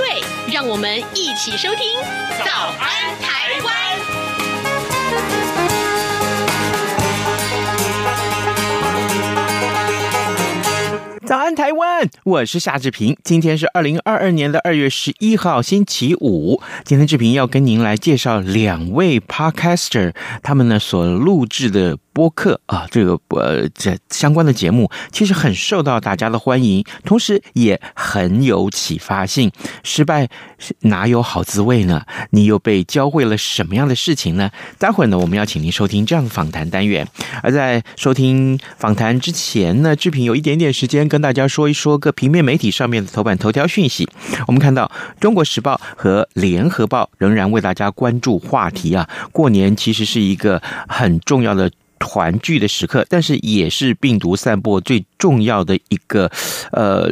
對，讓我們一起收聽早《早安台灣》。早安。早安台灣，我是夏志平。今天是二零二二年的二月十一號，星期五。今天志平要跟您來介紹兩位 Podcaster，他們呢所錄制的播客啊，這個呃這相關的節目，其實很受到大家的歡迎，同時也很有啟發性。失敗哪有好滋味呢？你又被教會了什麼樣的事情呢？待會呢，我們要請您收聽這樣的訪談單元。而在收聽訪談之前呢，志平有一點點時間跟大家。要說一說各平面媒體上面的頭版頭條訊息，我們看到《中國時報》和《聯合報》仍然為大家關注話題啊。過年其實是一個很重要的團聚的時刻，但是也是病毒散播最重要的一個呃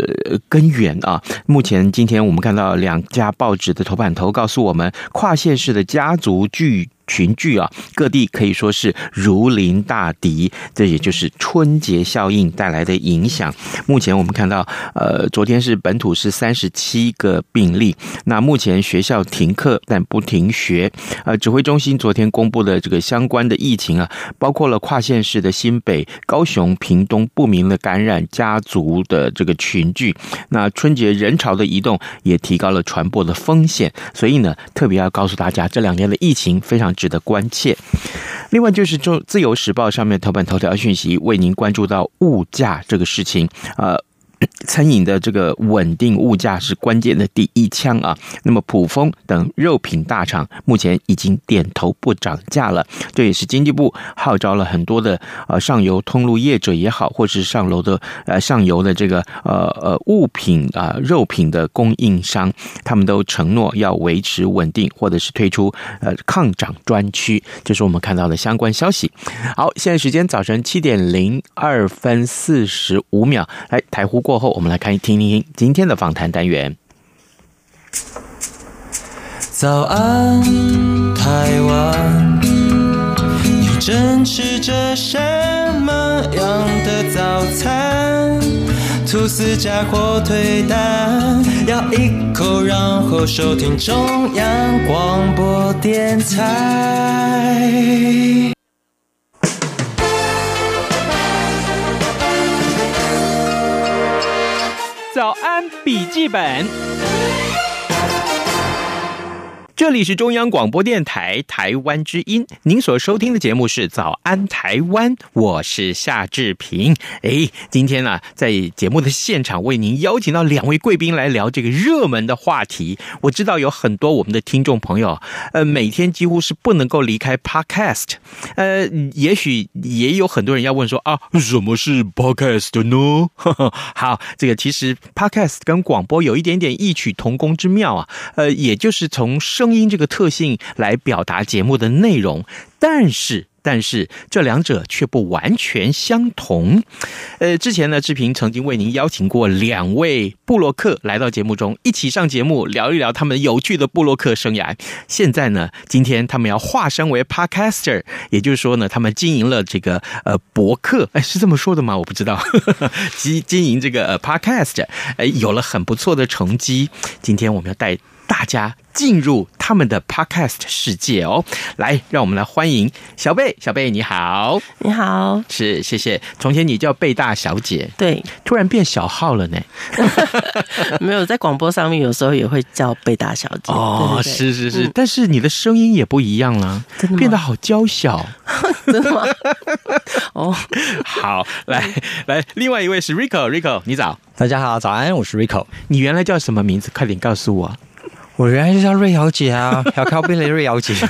根源啊。目前今天我們看到兩家報紙的頭版頭告訴我們，跨縣市的家族聚集。群聚啊，各地可以說是如臨大敵，這也就是春節效應帶來的影響。目前我們看到，呃，昨天是本土是三十七個病例，那目前學校停課但不停學。呃，指揮中心昨天公布的這個相關的疫情啊，包括了跨縣市的新北、高雄、屏東不明的感染家族的這個群聚。那春節人潮的移動也提高了傳播的風險，所以呢，特別要告訴大家，這兩天的疫情非常，值得關切。另外，就是《中自由時報》上面頭版頭條訊息，為您關注到物價這個事情啊。呃餐飲的這個穩定物價是關鍵的第一槍啊。那麼卜蜂等肉品大廠目前已經點頭不漲價了，這也是經濟部號召了很多的呃上游通路業者也好，或是上樓的呃上游的這個呃呃物品啊、呃、肉品的供應商，他們都承諾要維持穩定，或者是推出呃抗漲專區，這，就是我們看到的相關消息。好，現在時間早晨七點零二分四十五秒，來台湖。過後，我們來看一聽聽今天的訪談單元。早安，台灣，你正吃着什麼樣的早餐？吐司加火腿蛋，咬一口，然後收聽中央廣播電臺。早安，筆記本。這裡是中央廣播電台臺灣之音，您所收聽的節目是《早安臺灣》，我是夏志平。哎，今天呢，啊，在節目的現場為您邀請到兩位貴賓來聊這個熱門的話題。我知道有很多我們的聽眾朋友，呃，每天幾乎是不能夠離開 Podcast。呃，也許也有很多人要問說啊，什麼是 Podcast 呢？ 好，這個其實 Podcast 跟廣播有一點點異曲同工之妙啊。呃，也就是從聲音這個特性來表達節目的內容，但是但是這兩者卻不完全相同。呃，之前呢，志平曾經為您邀請過兩位部落客來到節目中一起上節目聊一聊他們有趣的部落客生涯。現在呢，今天他們要化身為 podcaster，也就是說呢，他們經營了這個呃博客，哎，是這麼說的嗎？我不知道，經經營這個 podcast，哎、呃，有了很不錯的成績。今天我們要帶。.大家進入他們的 Podcast 世界哦！來，讓我們來歡迎小貝。小貝，你好，你好，是謝謝。從前你叫貝大小姐，對，突然變小號了呢。 沒有在廣播上面，有時候也會叫貝大小姐。哦，對對對是是是、嗯，但是你的聲音也不一樣了，真的嗎？變得好嬌小， 真的嗎？哦，好， 來來，另外一位是 Ricco，Ricco，Ricco，你早，大家好，早安，我是 Ricco，你原來叫什麼名字？快點告訴我。我原來就叫瑞餚姐啊，小靠啡的瑞餚姐。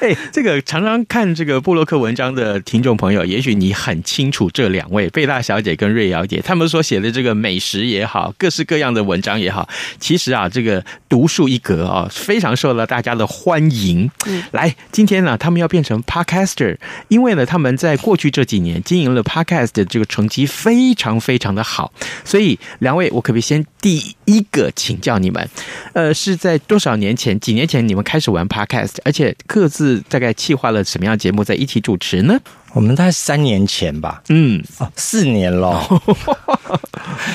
哎，這個常常看這個部落客文章的聽眾朋友，也許你很清楚這兩位貝大小姐跟瑞餚姐，他們所寫的這個美食也好，各式各樣的文章也好，其實啊，這個獨樹一格啊，非常受到大家的歡迎。嗯、來，今天呢、啊，他們要變成 podcaster，因為呢，他們在過去這幾年經營了 podcast 的這個成績非常非常的好，所以兩位，我可不可以先？第一個請教你們，呃，是在多少年前？幾年前你們開始玩 podcast，而且各自大概企劃了什麼樣節目，在一起主持呢？我們大概三年前吧，嗯，哦、四年咯。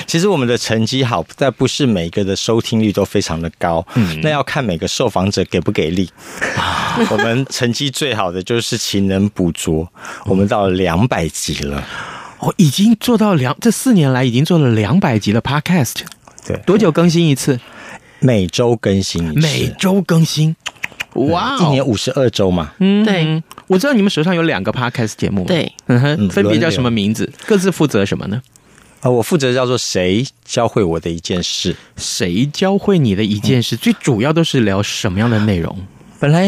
其實我們的成績好在不是每個的收聽率都非常的高，嗯、那要看每個受訪者給不給力。 啊、我們成績最好的就是勤能補拙嗯，我們到兩百集了。我、哦、已經做到兩，這四年來已經做了兩百集的 podcast。對，多久更新一次？每周更新一次，每周更新，哇、嗯 wow！一年五十二周嘛。嗯，對，我知道你們手上有兩個 podcast 節目，對，呵呵嗯哼，分別叫什麼名字？嗯、各自負責什麼呢？啊、呃，我負責叫做“誰教會我的一件事”，誰教會你的一件事？嗯、最主要都是聊什麼樣的內容？本來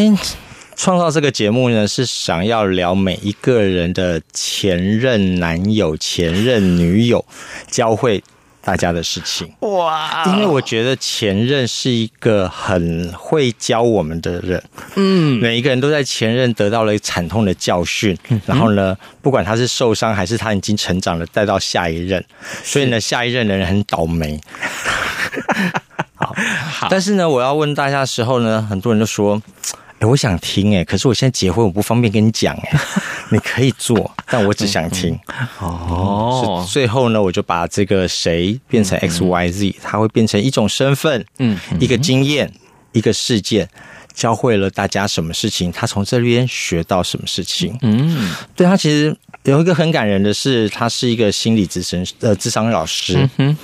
創造這個節目呢，是想要聊每一個人的前任男友、前任女友教會。大家的事情哇，因為我覺得前任是一個很會教我們的人，嗯，每一個人都在前任得到了慘痛的教訓、嗯，然後呢，不管他是受傷還是他已經成長了，帶到下一任，所以呢，下一任的人很倒霉。 好。好，但是呢，我要問大家的時候呢，很多人都說，哎、欸，我想聽、欸，哎，可是我現在結婚，我不方便跟你講、欸。你可以做，但我只想聽。哦、 嗯嗯 oh. 嗯，最後呢，我就把這個誰變成 X Y Z，他會變成一種身份，嗯、mm -hmm.，一個經驗，一個事件，教會了大家什麼事情，他從這邊學到什麼事情。嗯、mm -hmm.，對他其實有一個很感人的是，他是一個心理諮詢呃諮商老師，嗯、mm -hmm.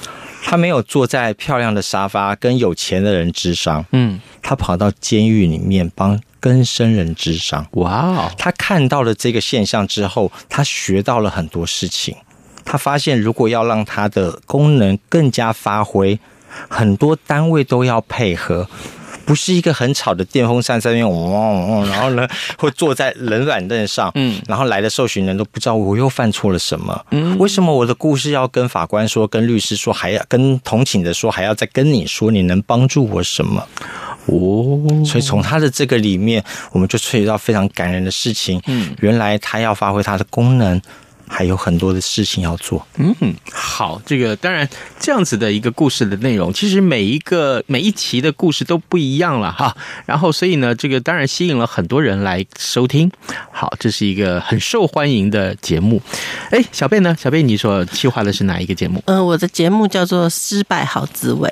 他沒有坐在漂亮的沙發跟有錢的人諮商，嗯、mm -hmm.，他跑到監獄裡面幫。跟生人諮商，哇、wow！他看到了這個現象之後，他學到了很多事情。他發現，如果要讓他的功能更加發揮，很多單位都要配合，不是一個很吵的電風扇在那邊嗡嗡嗡，然後呢，會 坐在冷板凳上。嗯，然後來的受詢人都不知道我又犯錯了什麼。嗯，為什麼我的故事要跟法官說，跟律師說，還要跟同情的說，還要再跟你說，你能幫助我什麼？哦，所以從他的這個裡面，我們就觸及到非常感人的事情。嗯，原來他要發揮他的功能。還有很多的事情要做。嗯，好，這個當然這樣子的一個故事的內容，其實每一個每一期的故事都不一樣了哈。然後，所以呢，這個當然吸引了很多人來收聽。好，這是一個很受歡迎的節目。哎，小貝呢？小貝，你所企劃的是哪一個節目？呃，我的節目叫做失《失敗好滋味》。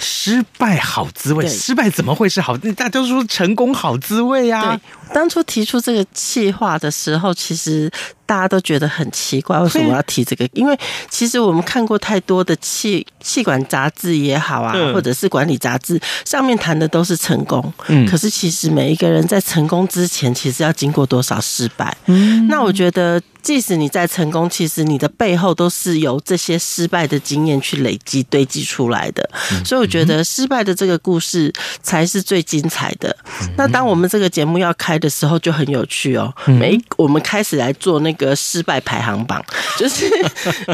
失敗好滋味？失敗怎麼會是好？大家都說成功好滋味呀，啊。當初提出這個企劃的時候，其實大家都覺得很奇怪，為什麼我要提這個？因為其實我們看過太多的企、企管雜誌也好啊，或者是管理雜誌上面談的都是成功。嗯。可是其實每一個人在成功之前，其實要經過多少失敗？嗯。那我覺得，即使你在成功，其實你的背後都是由這些失敗的經驗去累積堆積出來的。所以我覺得失敗的這個故事才是最精彩的。那當我們這個節目要開始。的時候就很有趣哦。每一我們開始來做那個失敗排行榜，就是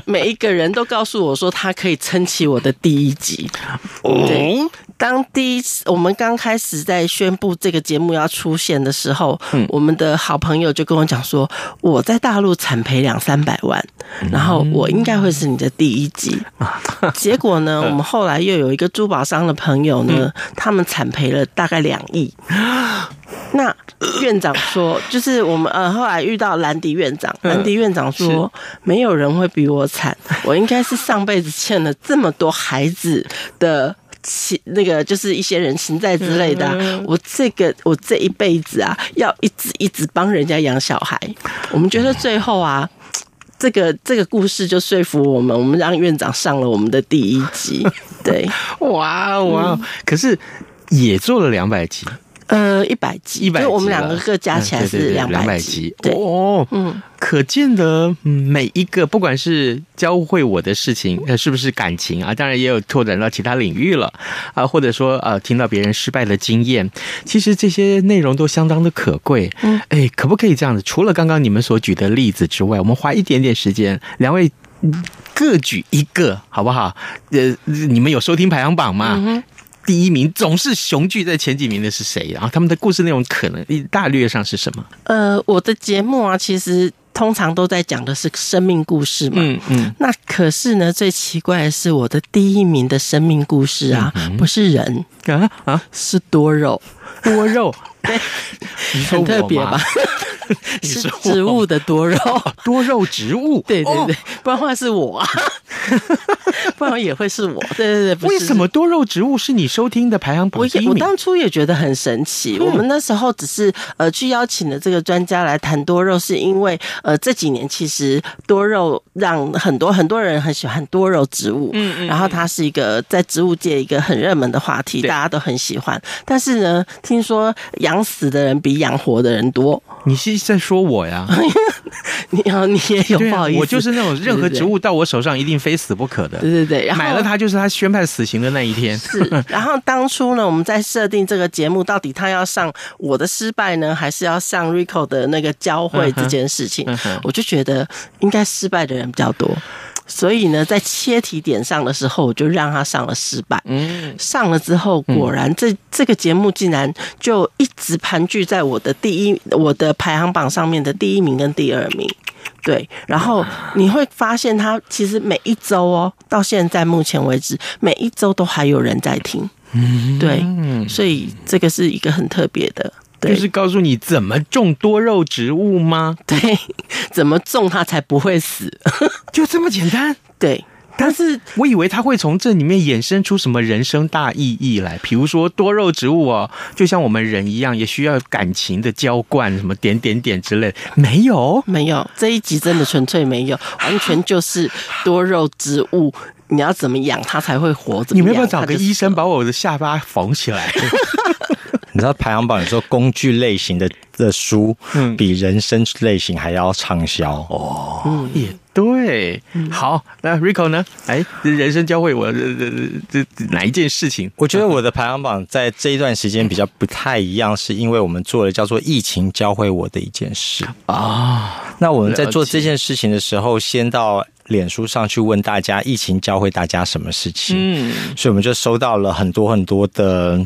每一個人都告訴我說他可以撐起我的第一集。對，當第一次我們剛開始在宣布這個節目要出現的時候，我們的好朋友就跟我講說，我在大陸慘賠兩三百萬，然後我應該會是你的第一集。結果呢，我們後來又有一個珠寶商的朋友呢，他們慘賠了大概兩億。那院長說：“就是我們呃，後來遇到蘭迪院長，蘭迪院長、嗯、蘭迪院長說沒有人會比我慘，我應該是上輩子欠了這麼多孩子的情，那個就是一些人情債之類的、啊。我這個我這一輩子啊，要一直一直幫人家養小孩。我們覺得最後啊，這個這個故事就說服我們，我們讓院長上了我們的第一集。對，哇哦哇哦，可是也做了兩百集。”呃，一百集，一百，我們兩個各加起來是兩百集，哦、嗯，嗯哦，可見得每一個，不管是教會我的事情，呃，是不是感情啊？當然也有拓展到其他領域了啊，或者說啊，聽到別人失敗的經驗，其實這些內容都相當的可貴。嗯，哎，可不可以這樣子？除了剛剛你們所舉的例子之外，我們花一點點時間，兩位各舉一個，好不好？呃，你們有收聽排行榜嗎？嗯第一名總是雄踞在前幾名的是誰啊？然後他們的故事內容可能大略上是什麼？呃，我的節目啊，其實通常都在講的是生命故事嘛。嗯嗯。那可是呢，最奇怪的是我的第一名的生命故事啊，嗯嗯，不是人啊，啊，是多肉，多肉， 對，很特別吧。 你是植物的多肉？哦，多肉植物，對對對，哦，不然話是我。 不然也會是我，對對對。不。為什麼多肉植物是你收聽的排行榜第一名？我也，我當初也覺得很神奇。嗯、我們那時候只是呃去邀請了這個專家來談多肉，是因為呃這幾年其實多肉讓很多很多人很喜歡多肉植物，嗯嗯，然後它是一個在植物界一個很熱門的話題，大家都很喜歡。但是呢，聽說養死的人比養活的人多，你是。在說我呀？ 你好，你也有報應。我就是那種任何植物到我手上一定非死不可的。對對對，對，買了它就是他宣判死刑的那一天。 是，然後當初呢，我們在設定這個節目，到底他要上我的失敗呢，還是要上 Ricco 的那個教會這件事情，嗯嗯、我就覺得應該失敗的人比較多。所以呢，在切題點上的時候，我就讓他上了失敗。嗯，上了之後，果然這這個節目竟然就一直盤踞在我的第一、我的排行榜上面的第一名跟第二名。對，然後你會發現，他其實每一周哦，到現在目前為止，每一周都還有人在聽。嗯，對，嗯，所以這個是一個很特別的。就是告訴你怎麼種多肉植物嗎？對，怎麼種它才不會死？就這麼簡單？對。但是，但是我以為他會從這裡面衍生出什麼人生大意義來，比如說多肉植物哦、喔，就像我們人一樣，也需要感情的澆灌，什麼點點點之類。沒有，沒有。這一集真的純粹沒有，完全就是多肉植物，你要怎麼養它才會活？你有沒有辦法找個醫生把我的下巴縫起來？ 你知道排行榜？你說工具類型的的書，嗯，比人生類型還要暢銷、嗯、哦。嗯，也對、嗯。好，那 Ricco 呢？哎，人生教會我這這這哪一件事情？我覺得我的排行榜在這一段時間比較不太一樣，是因為我們做了叫做“疫情教會我的一件事”啊、哦。那我們在做這件事情的時候，先到。臉書上去問大家，疫情教會大家什麼事情？嗯，所以我們就收到了很多很多的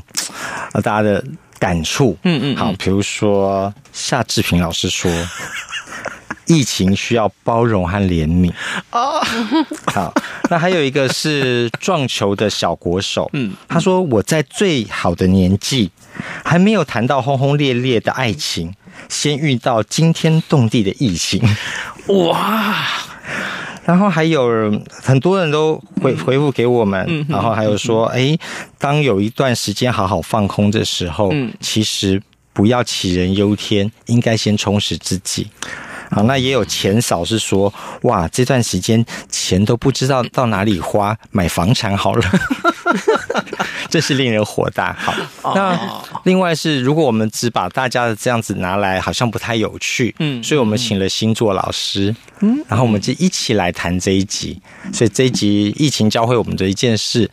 大家的感觸。嗯嗯，嗯，好，比如說夏志平老師說， 疫情需要包容和憐憫。哦，好，那還有一個是撞球的小國手，嗯，他說我在最好的年紀還沒有談到轟轟烈烈的愛情，先遇到驚天動地的疫情。哇！然後還有很多人都回回復給我們，嗯、然後還有說，誒、哎、當有一段時間好好放空的時候，其實不要杞人憂天，應該先充實自己。好、啊，那也有錢嫂是說，哇，這段時間錢都不知道到哪裡花，買房產好了。 這是令人火大。好，oh. 那另外是，如果我們只把大家的這樣子拿來，好像不太有趣。嗯，所以我們請了星座老師。嗯，然後我們就一起來談這一集。嗯、所以這一集疫情教會我們的一件事，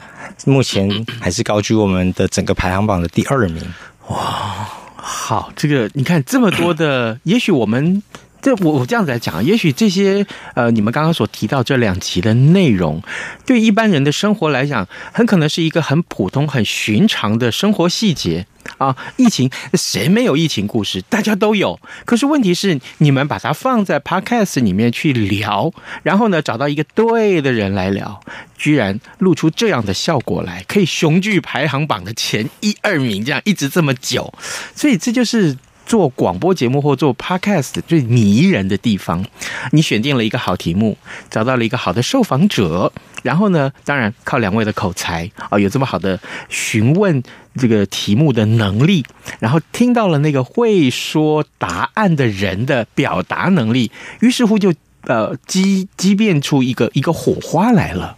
目前還是高居我們的整個排行榜的第二名。哇，好，這個你看這麼多的、嗯，也許我們。這我我這樣子來講，也許這些呃，你們剛剛所提到這兩集的內容，對一般人的生活來講，很可能是一個很普通、很尋常的生活細節啊。疫情誰沒有疫情故事？大家都有。可是問題是，你們把它放在 Podcast 裡面去聊，然後呢，找到一個對的人來聊，居然露出這樣的效果來，可以雄踞排行榜的前一二名，這樣一直這麼久。所以這就是。做廣播節目或做 Podcast 最迷人的地方，你選定了一個好題目，找到了一個好的受訪者，然後呢，當然靠兩位的口才啊、哦，有這麼好的詢問這個題目的能力，然後聽到了那個會說答案的人的表達能力，於是乎就呃激激變出一個一個火花來了。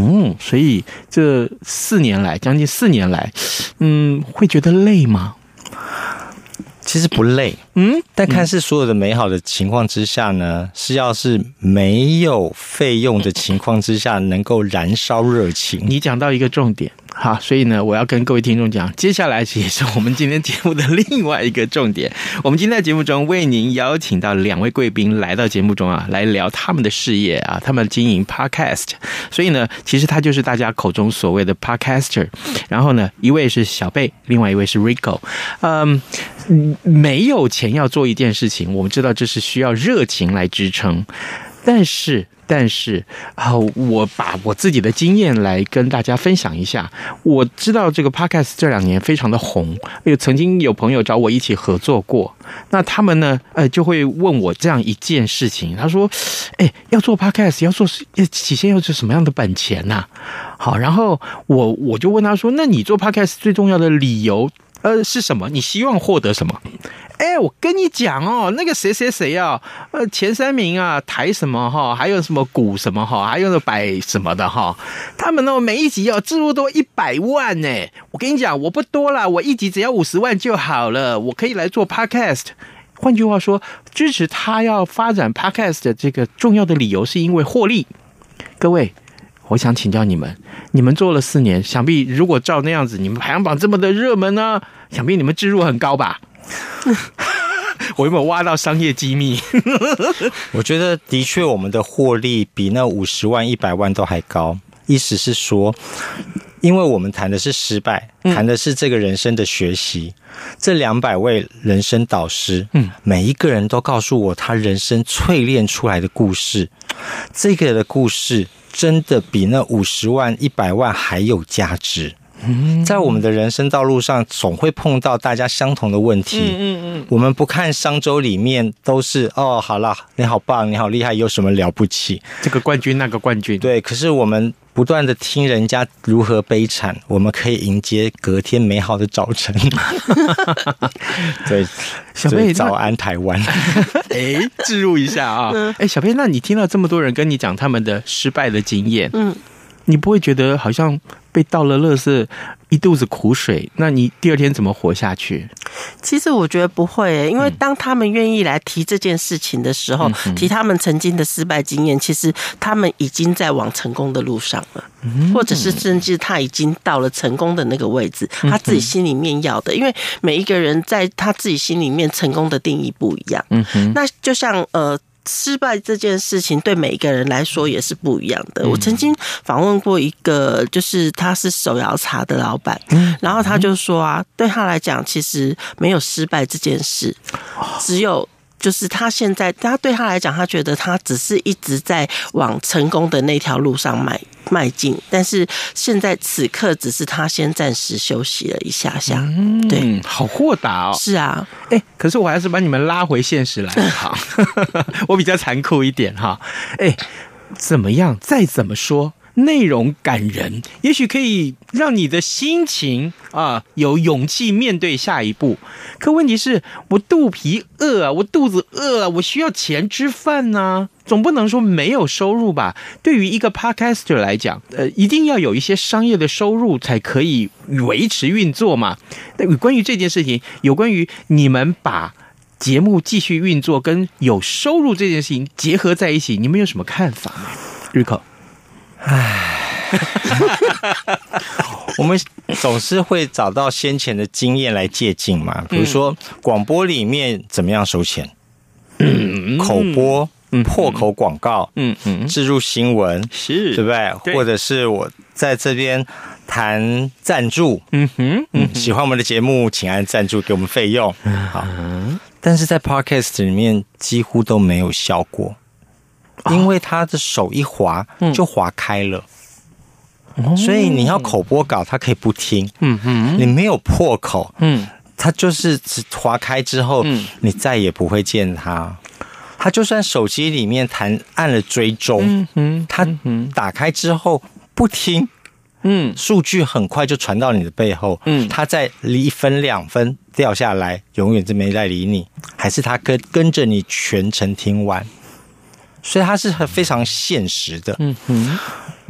嗯，所以這四年來，將近四年來，嗯，會覺得累嗎？其實不累，嗯，但看似所有的美好的情況之下呢，嗯，是要是沒有費用的情況之下，能夠燃燒熱情。你講到一個重點。好，所以呢，我要跟各位聽眾講，接下來也是我們今天節目的另外一個重點。我們今天在節目中為您邀請到兩位貴賓來到節目中啊，來聊他們的事業啊，他們經營 Podcast。所以呢，其實他就是大家口中所謂的 Podcaster。然後呢，一位是小貝，另外一位是 Ricco。嗯，沒有錢要做一件事情，我們知道這是需要熱情來支撐，但是。但是啊、呃，我把我自己的經驗來跟大家分享一下。我知道這個 podcast 這兩年非常的紅，哎，曾經有朋友找我一起合作過。那他們呢，呃，就會問我這樣一件事情，他說：“哎，要做 podcast，要做，要起先要是什麼樣的本錢呢、啊？”好，然後我我就問他說：“那你做 podcast 最重要的理由？”呃，是什麼？你希望獲得什麼？哎，我跟你講哦，那個誰誰誰哦、啊，呃，前三名啊，台什麼哈？還有什麼股什麼哈？還有那百什麼的哈？他們呢，每一集要支付多一百萬哎、欸！我跟你講，我不多啦，我一集只要五十萬就好了，我可以來做 podcast。換句話說，支持他要發展 podcast 的這個重要的理由，是因為獲利。各位。我想請教你們，你們做了四年，想必如果照那樣子，你們排行榜這麼的熱門呢、啊，想必你們置入很高吧？ 我有沒有挖到商業機密？ 我覺得的確，我們的獲利比那五十萬、一百萬都還高。意思是說，因為我們談的是失敗，談的是這個人生的學習。嗯、這兩百位人生導師，嗯，每一個人都告訴我他人生淬煉出來的故事。這個的故事真的比那五十萬、一百萬還有價值。在我們的人生道路上，總會碰到大家相同的問題。嗯嗯，嗯。我們不看商周裡面都是哦，好了，你好棒，你好厲害，有什麼了不起？這個冠軍，那個冠軍。對，可是我們不斷地聽人家如何悲慘，我們可以迎接隔天美好的早晨。 對，小貝，早安台灣。哎， 置入一下啊、哦。哎、嗯，小貝，那你聽到這麼多人跟你講他們的失敗的經驗？嗯。你不會覺得好像被倒了垃圾一肚子苦水？那你第二天怎麼活下去？其實我覺得不會、欸，因為當他們願意來提這件事情的時候，嗯、提他們曾經的失敗經驗，其實他們已經在往成功的路上了、嗯，或者是甚至他已經到了成功的那個位置，他自己心裡面要的、嗯。因為每一個人在他自己心裡面成功的定義不一樣。嗯哼，那就像呃。失敗這件事情對每個人來說也是不一樣的。嗯、我曾經訪問過一個，就是他是手搖茶的老闆，然後他就說啊，嗯、對他來講，其實沒有失敗這件事，只有。就是他現在，他對他來講，他覺得他只是一直在往成功的那條路上邁邁進，但是現在此刻只是他先暫時休息了一下下，對，嗯、好豁達哦。是啊，哎、欸，可是我還是把你們拉回現實來，好，呃、 我比較殘酷一點哈，哎、欸，怎麼樣？再怎麼說？內容感人，也許可以讓你的心情啊有勇氣面對下一步。可問題是，我肚皮餓啊，我肚子餓啊，我需要錢吃飯呢、啊。總不能說沒有收入吧？對於一個 podcaster 來講，呃，一定要有一些商業的收入才可以維持運作嘛。那關於這件事情，有關於你們把節目繼續運作跟有收入這件事情結合在一起，你們有什麼看法嗎？Ricco？唉 我們總是會找到先前的經驗來借鏡嘛。比如說廣播裡面怎麼樣收錢、嗯嗯，口播、嗯嗯、破口廣告，嗯嗯，置入新聞是，對不對？或者是我在這邊談贊助，嗯哼、嗯，嗯，喜歡我們的節目，請按贊助給我們費用。好、嗯，但是在 Podcast 裡面幾乎都沒有效果。因為他的手一滑，就滑開了，所以你要口播稿，他可以不聽。你沒有破口，他就是滑開之後，你再也不會見他。他就算手機裡面彈按了追蹤，他打開之後不聽，數據很快就傳到你的背後，他在離一分兩分掉下來，永遠就沒再理你，還是他跟跟着你全程聽完。所以它是非常現實的。嗯，嗯，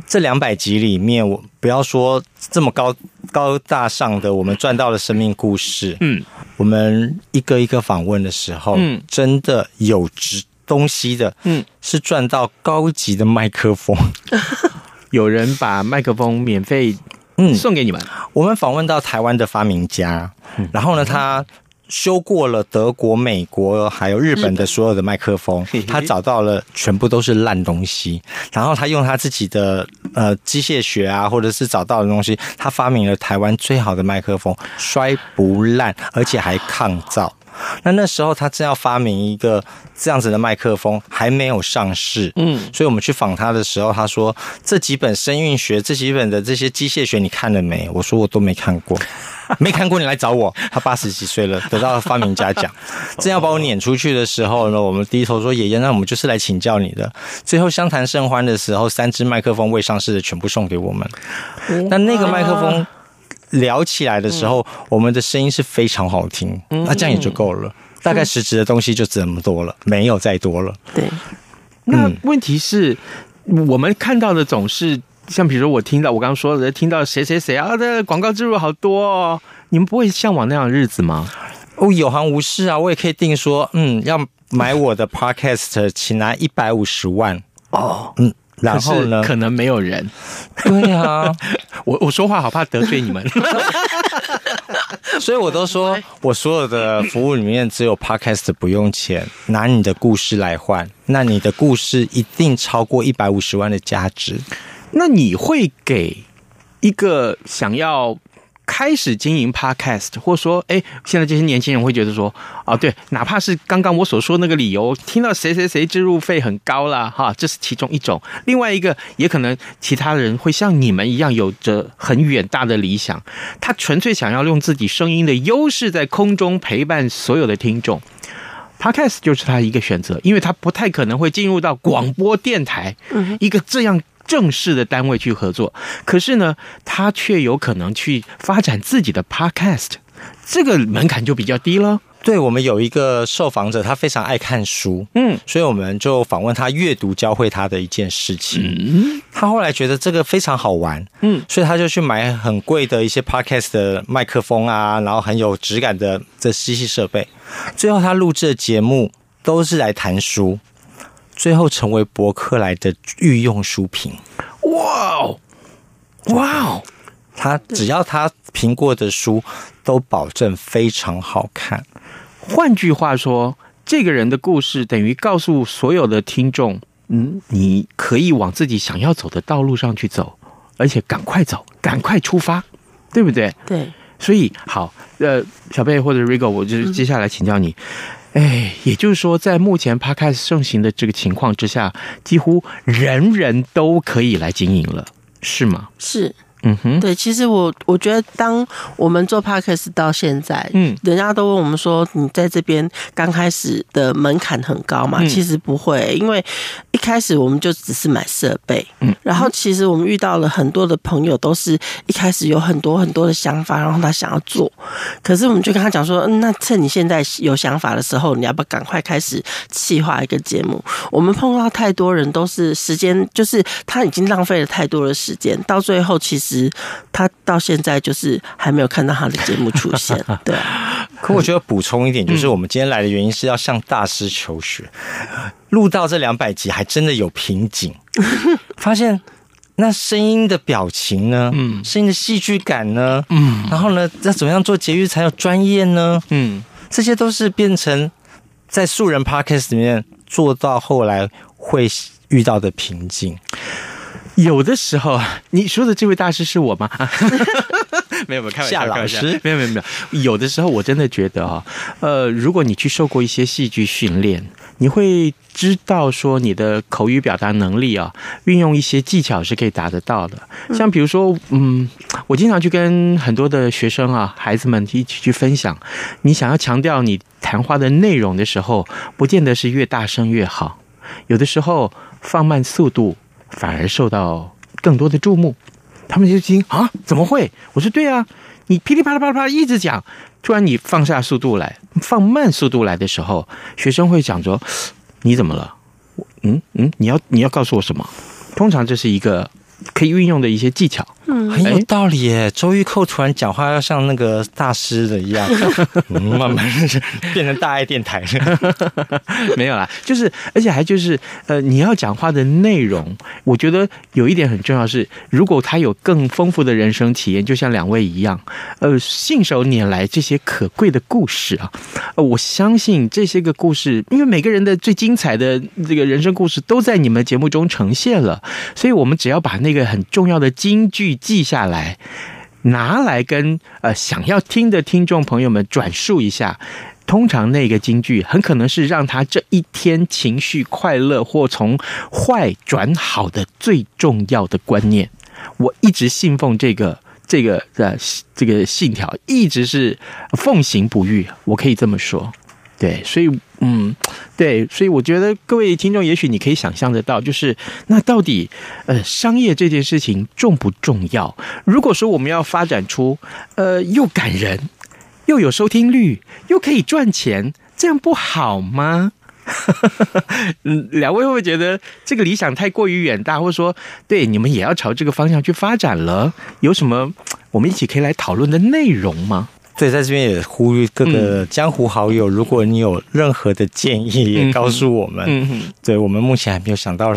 這兩百集裡面，我不要說這麼高高大上的，我們賺到了生命故事。嗯，我們一個一個訪問的時候，嗯，真的有值東西的。嗯，是賺到高級的麥克風。嗯、 有人把麥克風免費嗯送給你們、嗯。我們訪問到台灣的發明家，嗯、然後呢，他。修過了德國、美國還有日本的所有的麥克風，他找到了全部都是爛東西。然後他用他自己的呃機械學啊，或者是找到的東西，他發明了台灣最好的麥克風，摔不爛，而且還抗噪。那那時候他正要發明一個這樣子的麥克風，還沒有上市。嗯，所以我們去訪他的時候，他說這幾本聲韻學、這幾本的這些機械學，你看了沒？我說我都沒看過， 沒看過你來找我。他八十幾歲了，得到了發明家獎， 正要把我攆出去的時候呢，我們低頭說 爺爺，那我們就是來請教你的。最後相談甚歡的時候，三支麥克風未上市的全部送給我們。那那個麥克風。聊起來的時候，嗯、我們的聲音是非常好聽，嗯、那這樣也就夠了。大概實質的東西就這麼多了，嗯、沒有再多了。對、嗯，那問題是，我們看到的總是像比如我聽到我剛剛說的，聽到誰誰誰啊，的廣告植入好多哦。你們不會向往那樣的日子嗎？哦，有閒無事啊，我也可以定說，嗯，要買我的 podcast，、嗯、請拿一百五十萬哦，嗯。然後呢？可能沒有人。 對啊，我我說話好怕得罪你們， 所以我都說，我所有的服務裡面只有 podcast 不用錢，拿你的故事來換。那你的故事一定超過一百五十萬的價值。那你會給一個想要開始經營 Podcast，或說，哎，現在這些年輕人會覺得說，啊、哦，對，哪怕是剛剛我所說的那個理由，聽到誰誰誰置入費很高了，哈，這是其中一種。另外一個，也可能其他人會像你們一樣，有着很遠大的理想，他純粹想要用自己聲音的優勢，在空中陪伴所有的聽眾。Podcast 就是他一個選擇，因為他不太可能會進入到廣播電台，嗯、一個這樣。正式的單位去合作，可是呢，他卻有可能去發展自己的 podcast，這個門檻就比較低了。對，我們有一個受訪者，他非常愛看書，嗯，所以我們就訪問他，閱讀教會他的一件事情。嗯，他後來覺得這個非常好玩，嗯，所以他就去買很貴的一些 podcast 的麥克風啊，然後很有質感的這機器設備。最後他錄製的節目都是來談書。最後成為博客來的御用書評，哇哦，哇哦！他只要他評過的書都保證非常好看。換句話說，這個人的故事等於告訴所有的聽眾：嗯，你可以往自己想要走的道路上去走，而且趕快走，趕快出發，對不對？對。所以，好，呃，小貝或者 Ricco，我就接下來請教你。嗯哎，也就是說，在目前 Podcast 盛行的這個情況之下，幾乎人人都可以來經營了，是嗎？是。嗯哼，對，其實我我覺得，當我們做 podcast 到現在，嗯，人家都問我們說，你在這邊剛開始的門檻很高嘛？其實不會，因為一開始我們就只是買設備，嗯，然後其實我們遇到了很多的朋友，都是一開始有很多很多的想法，然後他想要做，可是我們就跟他講說，那趁你現在有想法的時候，你要不要趕快開始企劃一個節目？我們碰到太多人都是時間，就是他已經浪費了太多的時間，到最後其實。他到現在就是還沒有看到他的節目出現，對。 可我覺得補充一點，就是我們今天來的原因是要向大師求學。錄、嗯、到這兩百集，還真的有瓶頸， 發現那聲音的表情呢，嗯，聲音的戲劇感呢，嗯，然後呢，要怎麼樣做節育才有專業呢，嗯，這些都是變成在素人 podcast 裡面做到後來會遇到的瓶頸。有的時候，你說的這位大師是我嗎？沒 有 沒有，開玩笑，夏老師，沒有沒有沒有。有的時候，我真的覺得啊、哦，呃，如果你去受過一些戲劇訓練，你會知道說你的口語表達能力啊，運用一些技巧是可以達得到的。嗯、像比如說，嗯，我經常去跟很多的學生啊、孩子們一起去分享，你想要強調你談話的內容的時候，不見得是越大聲越好，有的時候放慢速度。反而受到更多的注目，他們就驚啊，怎麼會？我說對啊，你噼里啪啦啪啦啪，啪，啪一直講，突然你放下速度來，放慢速度來的時候，學生會講說，你怎麼了？嗯嗯，你要你要告訴我什麼？通常這是一個可以運用的一些技巧。很有道理耶，周玉蔻突然講話要像那個大師的一樣， 慢慢變成大愛電台了。 沒有啦，就是而且還就是呃，你要講話的內容，我覺得有一點很重要是，如果他有更豐富的人生體驗，就像兩位一樣，呃，信手拈來這些可貴的故事啊，呃，我相信這些個故事，因為每個人的最精彩的這個人生故事都在你們節目中呈現了，所以我們只要把那個很重要的金句，記下來，拿來跟呃想要聽的聽眾朋友們轉述一下。通常那個金句很可能是讓他這一天情緒快樂或從壞轉好的最重要的觀念。我一直信奉這個這個的、這個、這個信條，一直是奉行不渝。我可以這麼說，對，所以。嗯，對，所以我覺得各位聽眾，也許你可以想象得到，就是那到底，呃，商業這件事情重不重要？如果說我們要發展出，呃，又感人，又有收聽率，又可以賺錢，這樣不好嗎？嗯， 兩位會不會覺得這個理想太過於遠大，或者說，對，你們也要朝這個方向去發展了？有什麼我們一起可以來討論的內容嗎？對，在這邊也呼籲各個江湖好友、嗯，如果你有任何的建議，也告訴我們。嗯嗯，對，我們目前還沒有想到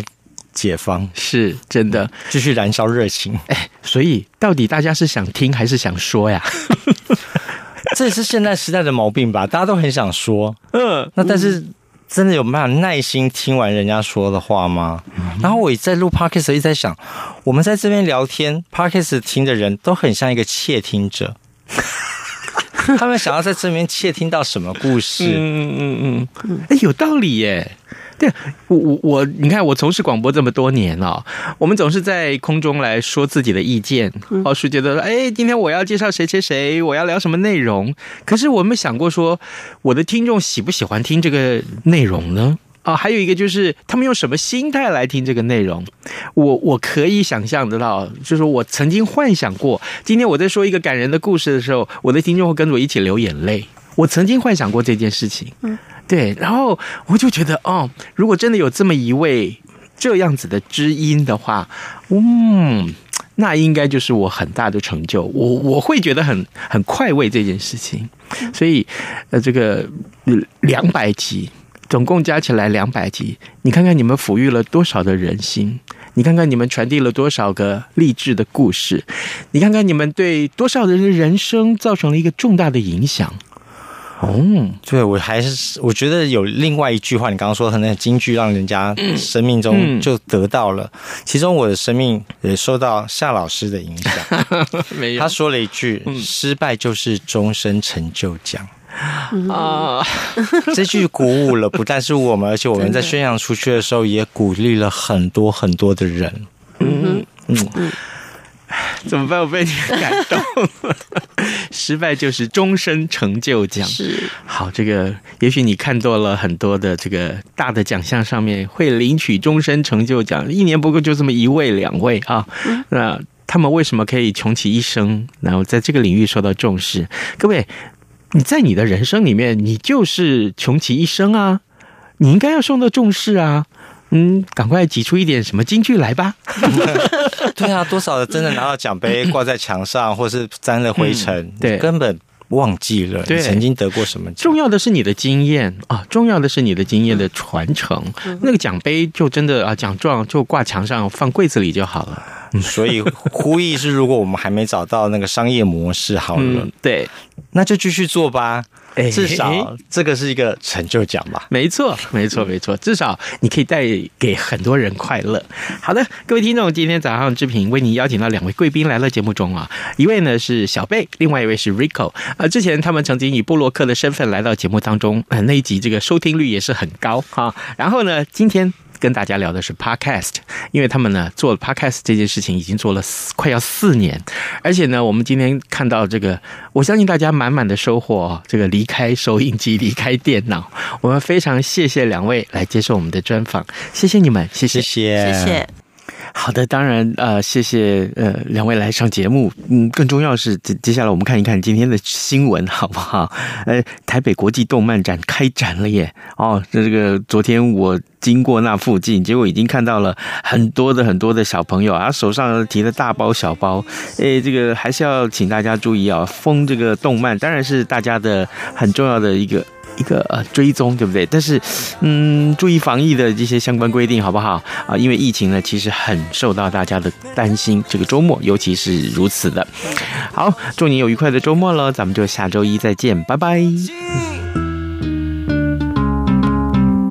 解方，繼是真的，繼續燃燒熱情。哎，所以到底大家是想聽還是想說呀？啊？ 這是現代時代的毛病吧？大家都很想說，嗯，那但是真的有沒辦法耐心聽完人家說的話嗎？嗯、然後我也在錄 podcast，一直在想，我們在這邊聊天 podcast 聽的人都很像一個竊聽者。 他們想要在這邊竊聽到什麼故事？嗯嗯嗯嗯，哎、嗯，欸，有道理耶、欸。對，我我我，你看，我從事廣播這麼多年了，哦，我們總是在空中來說自己的意見。老，哦、師覺得哎、欸，今天我要介紹誰誰誰，我要聊什麼內容？可是我沒想過說，說我的聽眾喜不喜歡聽這個內容呢？啊、哦，還有一個就是他們用什麼心態來聽這個內容？我我可以想象得到，就是我曾經幻想過，今天我在說一個感人的故事的時候，我的聽眾會跟着我一起流眼淚。我曾經幻想過這件事情，對，然後我就覺得，哦，如果真的有這麼一位這樣子的知音的話，嗯，那應該就是我很大的成就，我我會覺得很很快慰這件事情。所以，呃，這個兩百集。總共加起來兩百集，你看看你們撫育了多少的人心，你看看你們傳遞了多少個勵志的故事，你看看你們對多少人的人生造成了一個重大的影響。哦，對，我還是，我覺得有另外一句話，你剛剛說的那個金句，讓人家生命中就得到了、嗯嗯。其中我的生命也受到夏老師的影響， 他說了一句、嗯：“失敗就是終身成就獎。”啊、uh！ 這句鼓舞了不但是我們，而且我們在宣揚出去的時候，也鼓勵了很多很多的人。嗯嗯，怎麼辦？我被你感動了。 失敗就是終身成就獎是。好，這個也許你看多了很多的這個大的獎項上面會領取終身成就獎，一年不過就這麼一位兩位啊。那他們為什麼可以窮其一生，然後在這個領域受到重視？各位。你在你的人生裡面，你就是窮其一生啊！你應該要受到重視啊！嗯，趕快擠出一點什麼金句來吧！ 嗯、對啊，多少的真的拿到獎盃掛在牆上，或是沾了灰塵，嗯、對，你根本。忘記了，對你曾經得過什麼獎？重要的是你的經驗啊！重要的是你的經驗的傳承。 那個獎杯就真的啊，獎狀就掛牆上，放櫃子裡就好了。 所以呼籲是：如果我們還沒找到那個商業模式，好了、 嗯，對，那就繼續做吧。欸、至少這個是一個成就獎吧、欸？沒錯，沒錯，沒錯。至少你可以帶給很多人快樂。好的，各位聽眾，今天早上之平為你邀請到兩位貴賓來到節目中啊，一位呢是小貝，另外一位是 Ricco 啊、呃。之前他們曾經以部落客的身份來到節目當中、呃，那一集這個收聽率也是很高哈、啊。然後呢，今天。跟大家聊的是 Podcast，因為他們呢做 Podcast 這件事情已經做了四快要四年，而且呢，我們今天看到這個，我相信大家滿滿的收穫啊、哦！這個離開收音機，離開電腦，我們非常謝謝兩位來接受我們的專訪，謝謝你們，謝謝謝謝。謝謝好的，當然啊、呃，謝謝呃兩位來上節目。嗯，更重要是接接下來我們看一看今天的新聞好不好？誒、哎、台北國際動漫展開展了耶！哦，這這個昨天我經過那附近，結果已經看到了很多的很多的小朋友啊，手上提的大包小包。哎，這個還是要請大家注意啊、哦，封這個動漫當然是大家的很重要的一個。一個追蹤，對不對？但是，嗯，注意防疫的這些相關規定，好不好啊？因為疫情呢，其實很受到大家的擔心。這個周末，尤其是如此的。好，祝你有愉快的周末了，咱們就下周一再見，拜拜。